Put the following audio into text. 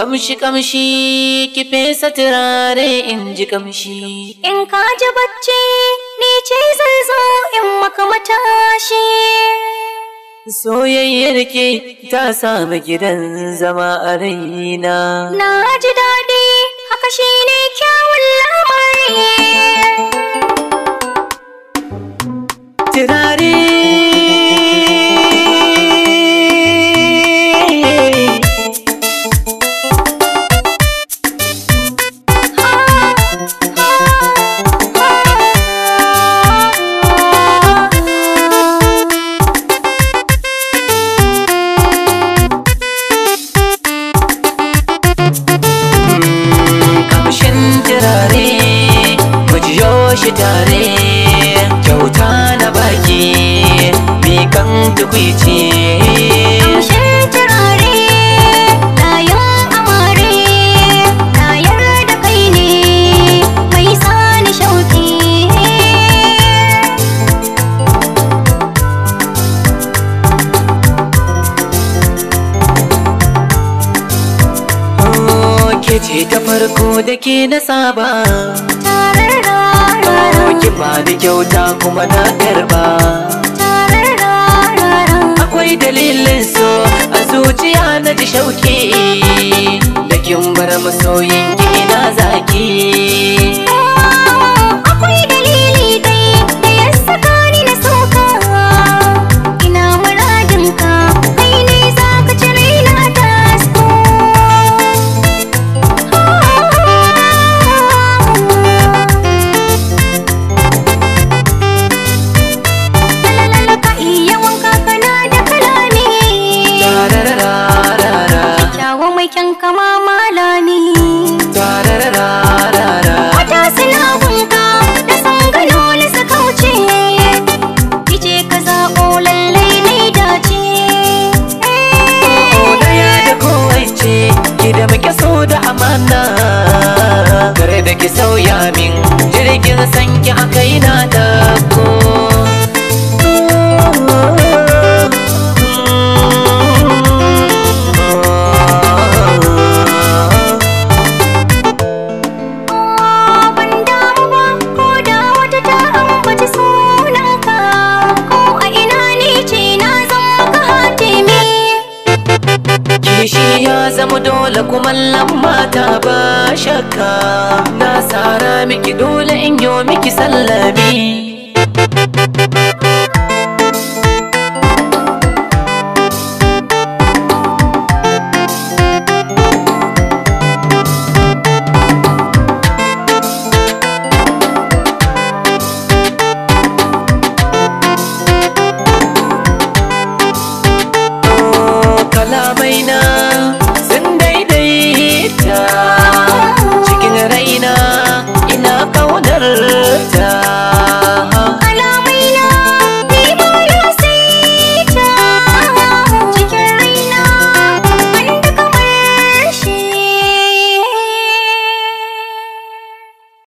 kamshi kamshi ki fesa turare in ji kamshi in ka ji bacci ni ce zan zo in maka matashi soyayyar ki ta sami gidan zama a raina na ji daɗi shi tare kyauta na baki mi kan tukwici amshe turare layan amare na yarda kai ne mai sani shauki ke ce ta farko da ke na saba tarar da kyauta kuma na karba akwai dalilin so a zuciya na ji shauki da kin bar masoyin ki ina zaki zama malami. Tararara. Wata suna dole lamma mata ba shakka na sara miki dole in yo miki sallami.